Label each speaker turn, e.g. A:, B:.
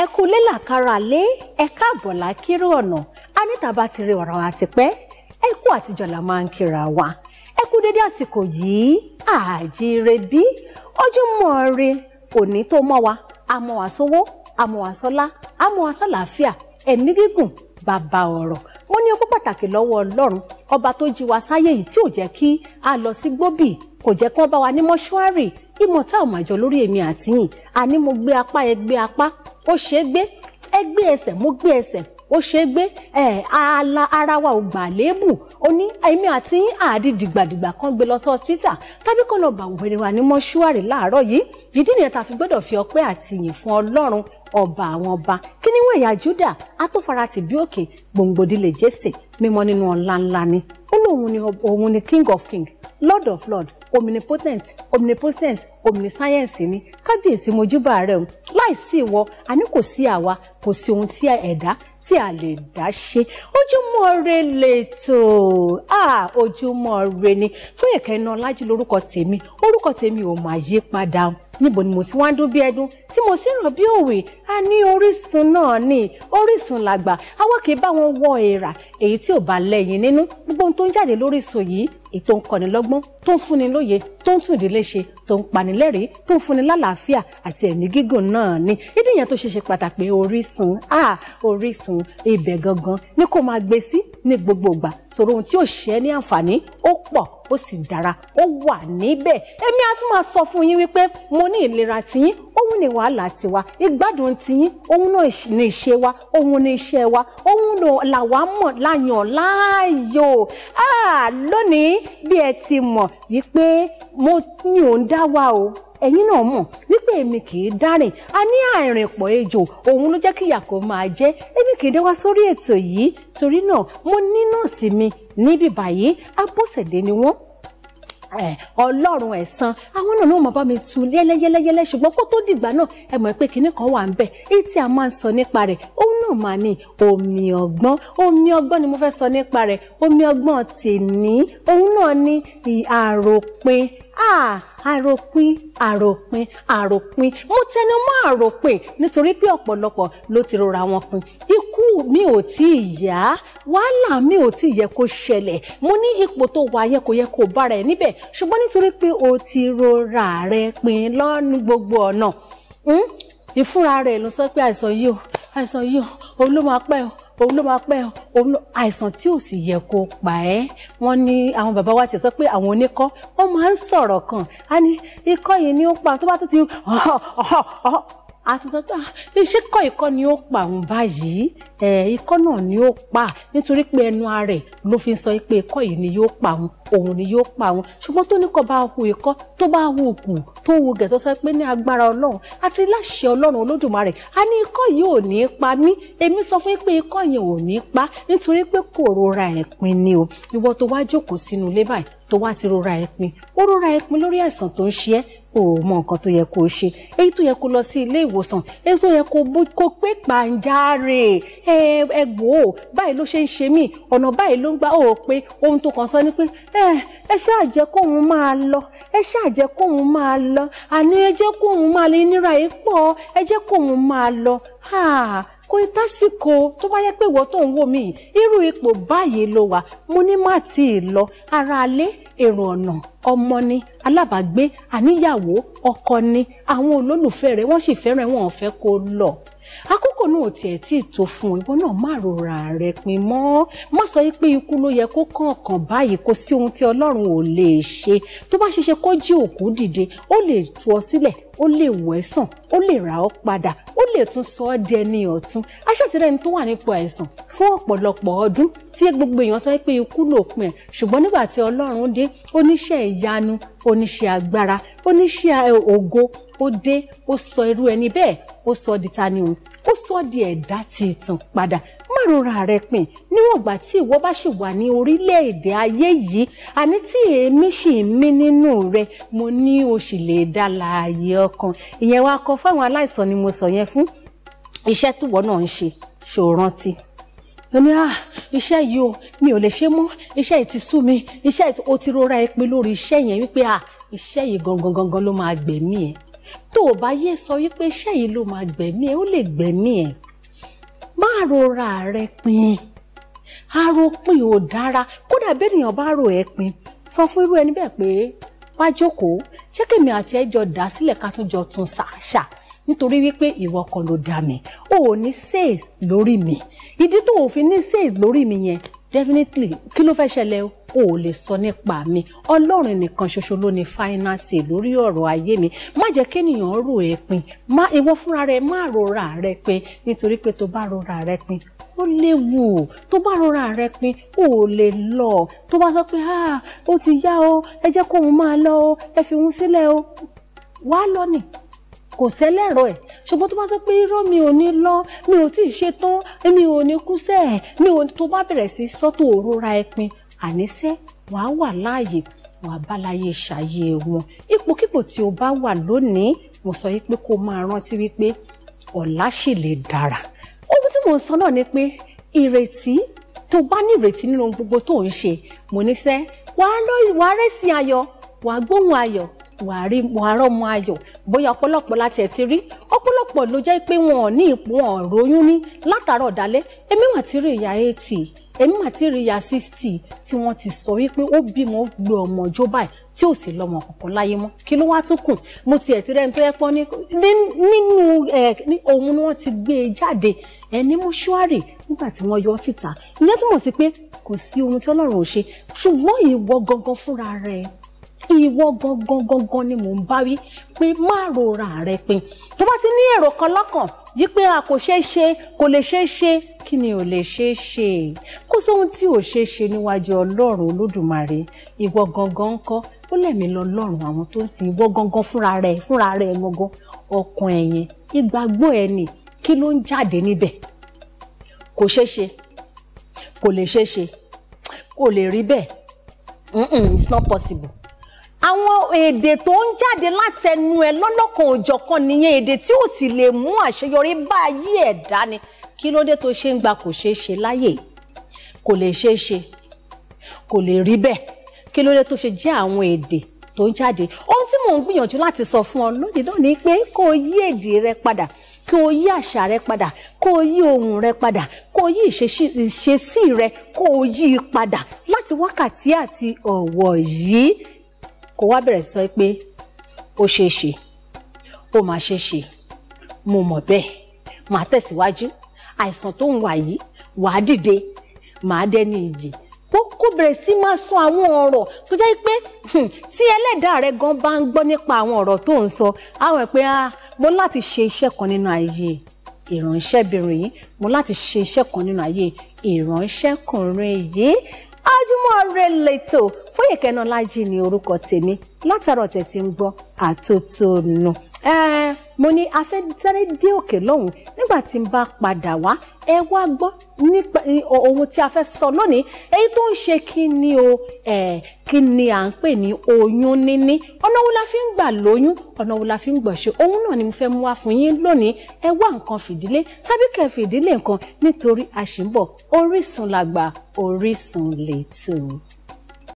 A: ẹ kú lélàkàrà lé ẹ káàbọ̀ lákírò ọ̀nà a níta bá ti rí ọ̀rọ̀ wa ti pẹ́ ẹ kú àtijọ́ la máa ń kíra wa ẹ kú dédé àsìkò yìí àjíire bí ojúmọ́ ire òní tó mọ́ wa àmọ́ wa sówó àmọ́ wa sọ́lá àmọ́ wa sálàáfíà ẹ̀mí gígùn bàbá ọ̀rọ̀ mo ní okú pàtàkì lọ́wọ́ ọlọ́run ọba tó jí wa sáyé yìí tí ò jẹ́ kí a lọ sí gbóbì kò jẹ́ kí wọ́n bá wa ní mọ́ṣúárì ìmọ̀ tá ò màjọ lórí èmi àti yìn àní mo gbé apá ẹ gbé apá ó ṣe é gbé ẹ gbé ẹsẹ̀ mo gbé ẹsẹ̀ ó ṣe é gbé ẹ ala ara wa ò gbà léèbù ó ní èmi àti yín àdí dìgbàdìgbà kan gbé lọ sí hospital tàbí kan lọ bàwọ̀ ẹni wa ní mọ́ṣúárì láàárọ̀ yìí ìdí nìyẹn tá a fi gbọ́dọ̀ fi ọpẹ́ àti fún Ọlọ́run ọba àwọn ọba kí níwọ̀n ẹ̀yà Júdà atófaratì bí òkè gbòǹgbòdìlẹ̀ Jésè mímọ́ nínú ọlá ńlá ni ó lóun ni òun ni king of king lord of lord omnipotent omnipotent omniscience ni kábíyèsí mojúbà rẹ o láìsí ìwọ àní kò sí àwa kò sí ohun tí ẹ̀dá tí a lè dá ṣe ojúmọ́ ire lètò ah ojúmọ́ ire ni Foyeke Inaolaji lórúkọ tèmi orúkọ tèmi ò máa yí padà o níbo ni mo sì wá ń dún bí ẹdún tí mo sì ràn bí òwe a ní orísun náà ní orísun làgbà àwa kì í bá wọn wọ èèrà èyí tí ò bá lẹ́yìn nínú gbogbo ohun tó ń jáde lórísun yìí ètò ń kọ́ni lọ́gbọ́n tó ń fúnni lóye tó ń tún ìdílé ṣe tó ń pani lẹ́rìí tó ń fúnni lálàáfíà àti ẹ̀mí gígùn náà ni ìdí yẹn tó ṣe ṣe pàtàkì orísun a orísun ibẹ̀ gangan ni kò máa gbé sí ní gbogbo ìgbà torí ohun tí ò ṣe é ní àǹfààní ó pọ̀ ó sì dára ó wà níbẹ̀ èmi á tún máa sọ fún yín wípé mo ní ìlera tiyín òun ni wàhálà tiwa ìgbádùn tiyín òun náà ní ìṣe wa òun ní iṣẹ́ wa òun làwa mọ̀ láyàn láàyò ah, lónìí bí ẹ ti mọ̀ wípé mo ní òun dá wa o ẹ̀yin náà mọ̀ wípé èmi kì í dárìn a ní àìrìnpọ̀ ejò òun ló jẹ́ kí ìyà kó máa jẹ́ èmi kì í dé sórí ètò yìí torí náà mo ní nọ́ọ̀sì mi níbí báyìí Abọ́sẹ̀dé ni wọ́n ọlọ́run ẹ̀san àwọn náà ló máa bá mi tu yẹ́lẹ́yẹ́lẹ́yẹ́lẹ́ ṣùgbọ́n kó tó dìgbà náà ẹ mọ̀ pé kinní kan wà ń bẹ̀ èyí tí a máa ń sọ nípa rẹ̀ òun náà máa ní omi ọgbọ́n omi ọgbọ́n ni mo fẹ́ sọ nípa rẹ̀ omi ọgbọ́n tèmi òun náà ní àròpin àròpin àròpin àròpin mo tẹnu mọ́ àròpin nítorí pé ọ̀pọ̀lọpọ̀ ló ti rora wọn pin ikú mi ò tí ì yá wàhálà mi ò tí ì yẹ kó ṣẹlẹ̀ mo ní ipò tó wà yẹ kó yẹ kó bára ẹ̀ níbẹ̀ ṣùgbọ́n nítorí pé o ti rora rẹ pin lọ́nu gbogbo ọ̀nà hmm? ìfúnra rẹ̀ ló sọ pé àìsàn yìí o àìsàn yìí o òun ló o òun ló máa pẹ́ òun àìsàn tí ò sì yẹ kó pa ẹ́ wọ́n ní àwọn bàbá wa ti sọ pé àwọn oníkọ́ wọ́n máa ń sọ̀rọ̀ kan á ní ikọ́ yìí ni ó pa tó bá tó ti àti sọ pé iṣẹ́ ah, kọ́ ikọ́ ni ó pa òun báyìí ikọ́ náà ni ó pa nítorí pé ẹnu ààrẹ ló fi ń sọ pé ikọ́ yìí ni yóò pa òun òun ni yóò pa òun ṣùgbọ́n tó ní kọ́ bá hu ikọ́ tó bá hu òkù tó hu gẹ̀ tó sọ pé ní agbára ọlọ́run àti láṣẹ ọlọ́run olódùmarè a ní ikọ́ yìí ò ní pa mí èmi sọ fún pé ikọ́ yẹn ò ní pa nítorí pé kò rora ẹ̀pin ni o ìwọ tó wá jókòó sínú ilé báyìí tó wá ti rora ẹ̀pin ó rora ẹ̀pin lórí àìsàn tó ń ṣe ẹ́ o ò mọ nǹkan tó yẹ kó o ṣe èyí tó yẹ kó lọ sí ilé ìwòsàn èyí tó yẹ kó bó kó pé pàǹjáre ẹ ẹ gbò ó báyìí ló ṣe ń ṣe mí ọ̀nà báyìí ló ń gbà ó pé ohun tó kàn sọ ni pé ẹ ẹ ṣáà jẹ́ kóun máa lọ ẹ ṣáà jẹ́ kóun máa lọ àní ẹ jẹ́ kóun máa lọ ìnira yìí pọ̀ ẹ jẹ́ kóun máa lọ kò ì tásìkò tó bá yẹ pé ìwọ tó ń wò mí yìí irú ipò báyìí ló wà mo ní má tì í lọ ara alé èrò ọ̀nà ọmọ ni alábàágbé àníyàwó ọkọ ni àwọn olólùfẹ́ rẹ̀ wọ́n sì fẹ́ràn wọn ò fẹ́ kó lọ àkókò náà ò tiẹ̀ tí ì tó fún ìwọ náà má rora rẹ pin mọ́ má sọ pé ikú ló yẹ kó kọ̀ọ̀kan báyìí kò sí ohun tí ọlọ́run ò lè ṣe tó bá ṣeṣe kó jí òkú dìde ó lè tú ọ sílẹ̀ ó lè wọ̀ ẹ́ sàn ó lè rà ọ́ padà ó lè tún sọ ọ́ di ẹni ọ̀tún aṣàtìrẹ́ni tó wà nípò àìsàn fún ọ̀pọ̀lọpọ̀ ọdún tí gbogbo èèyàn sọ pé ikú lòpin ẹ̀ ṣùgbọ́n nígbà tí ọlọ́run dé oníṣẹ́ ìyanu oníṣẹ́ agbára oníṣẹ́ ògo ó dé ó sọ irú ẹni bẹ́ẹ̀ ó sọ di ta ni òun ó sọ di ẹ̀dá ti ìtàn padà má rora rẹ pin níwọ̀n ìgbà tí ìwọ bá ṣì wà ní orílẹ̀-èdè ayé yìí àní tí èémí ṣì ń mí nínú rẹ mo ní o sì lè dá láàyè ọkàn ìyẹn wàá kọ fáwọn aláìsàn ni mo sọ yẹn fún iṣẹ́ tìwọ náà ń ṣe ṣò rántí tó ní ah, iṣẹ́ yìí o mi ò lè ṣe mọ́ iṣẹ́ yìí ti sú mi iṣẹ́ yìí o ti rora ẹ pé lórí iṣẹ́ yẹn wípé ah iṣẹ́ yìí gangan gangan ló máa gbẹ̀mí ẹ̀ tó o bá yé sọ wípé iṣẹ́ yìí ló máa gbẹ̀mí ẹ ó lè gbẹ̀mí ẹ má rora rẹ pin aropin ò dára kódà bẹ́ẹ̀nìyàn bá rò ẹ pin sọ fún irú ẹni bẹ́ẹ̀ pé wá jókòó jẹ́ kèmi àti ẹ jọ dá sílẹ̀ ká tún jọ tún ṣàṣà nítorí wípé ìwọ kan ló dá mi o ò ní sèé lórí mi ìdí tó o fi ní sèé lórí mi yẹn definitely kí ló fẹ́ ṣẹlẹ̀ o ò lè sọ nípa mi ọlọ́run nìkan ṣoṣo ló ní fáínánsì lórí ọ̀rọ̀ ayé mi má jẹ́ kéèyàn rò ẹ́ pin má ìwọ fúnra rẹ má rora rẹ pin nítorí pé tó bá rora rẹ pin ó léwu tó bá rora rẹ pin ó lè lọ tó bá sọ pé ó ti yá o ẹ jẹ́ kóun máa lọ o ẹ fi òun sílẹ̀ o wàá lọ kò sẹ́lẹ̀rọ ẹ̀ ṣùgbọ́n tó bá sọ pé irọ́ mi ò ní lọ mi ò tí ì ṣe tán mi ò ní kú sẹ́ ẹ̀ mi ò ní tó bá bẹ̀rẹ̀ sí sọ́tò òróra ẹpin àníṣe wàá wà láàyè wàá bá láyé ṣàyè wọn ipòkípò tí o bá wà lónìí mo sọ yìí pé kó máa rántí wípé ọ̀la ṣì lè dára ohun tí mò ń sọ náà ni pé ìrètí tó bá ní ìrètí nínú gbogbo tó ń ṣe mo níṣẹ́ wàá rẹ́sìn ayọ̀ wàá gbóhùn ayọ̀ wàá rí wàá rọ́mọ ayọ̀ bóyá ọ̀pọ̀lọpọ̀ láti ẹ̀ ti rí ọ̀pọ̀lọpọ̀ ló jẹ́ pé wọn ò ní ipò wọn ò róyún ní látàárọ̀ dálẹ́ èmi mà ti rí ìyá eighty èmi mà ti rí ìyá sixty tí wọ́n ti sọ wípé ó bímọ ó gbé ọmọ ọjọ́ báyìí tí ò sì lọ́mọ kankan láyé mọ́ kí ló wá tó kù mo tiẹ̀ ti rẹ́ni tó yẹ pọ́n nínú òun ni wọ́n ti gbé e jáde ẹ ní mọ́ṣúárì nígbà tí wọ́n yọ ọ́ síta ìyẹn túmọ̀ sí pé kò sí ohun tí Ọlọ́run ò ṣe ṣùgbọ́n ìwọ gangan fúnra rẹ̀ ìwọ gangan gangan ni mò ń bá wí pé má rora rẹ pin tó bá ti ní èrò kan lọ́kàn yí pé a kò ṣeé ṣe kò lè ṣeé ṣe kí ni ò lè ṣeé ṣe kó sóhun tí ò ṣeé ṣe níwájú ọlọ́run olódùmarè ìwọ gangan ńkọ́ ó lẹ̀mí lọ lọ́rùn àwọn tó ń sin ìwọ gangan fúnra rẹ fúnra rẹ gangan ọkàn ẹ̀yìn ìgbàgbọ́ ẹ̀ kí ló ń jáde níbẹ̀ kò ṣeé ṣe kò lè ṣeé ṣe kò lè rí bẹ́ẹ̀ it's not possible àwọn èdè tó ń jáde látẹnu ẹ lọ́lọ́kan òjọ̀kan nìyẹn èdè tí ò sì lè mú àṣeyọrí bá ayé ẹ̀ dání kí ló dé tó ṣe ń gba kò ṣeé ṣe láyè kò lè ṣeé ṣe kò lè rí bẹ́ẹ̀ kí ló dé tó ṣe jẹ́ àwọn èdè tó ń jáde ohun tí mò ń gbìyànjú láti sọ fún ọ lónìí náà ni pé kó o yí èdè rẹ padà kí o yí àṣà rẹ padà kó o yí ohùn rẹ padà kó o yí ìṣesí rẹ kó o yí padà láti wákàtí àti ọ̀wọ̀ yìí kó wá bẹ̀rẹ̀ sọ pé ó ṣeé ṣe ó máa ṣeé ṣe mo mọ̀ bẹ́ẹ̀ màá tẹ̀síwájú àìsàn tó ń wà yìí wàá dìde màá dẹ́ni iyì kó kó bẹ̀rẹ̀ sí máa sọ àwọn ọ̀rọ̀ tó jẹ́ pé hmm, tí ẹlẹ́dàá rẹ gan bá ń gbọ́ nípa àwọn ọ̀rọ̀ tó ń sọ àwọn ẹ̀ pé ah mo láti ṣe iṣẹ́ kan nínú ayé ìránṣẹ́bìnrin yìí mo láti ṣe iṣẹ́ kan nínú ayé ìránṣẹ́kùnrin yìí Ojúmọ́ Ire lẹ́tọ̀ Fóyèkẹ́ Inaọlájí ni orúkọ tèmi látàrọ̀ tẹ̀ tí ń gbọ́ àtótónu. mo ní afẹ́fẹ́rẹ́ dé òkè lọ́hùn nígbà tí n bá padà wá ẹ wá gbọ́ nípa ohun tí a fẹ́ sọ lónìí èyí tó ń ṣe kí ni o kí ni à ń pè ní oyún níní ọ̀nà wo la fi ń gbà lóyún ọ̀nà wo la fi ń gbà ṣe ohun náà ni mo fẹ́ mú wá fún yín lónìí ẹ wá nǹkan fìdílé tàbí kẹ́ fìdílé nǹkan nítorí a Orísun la Orísun lè tù ú.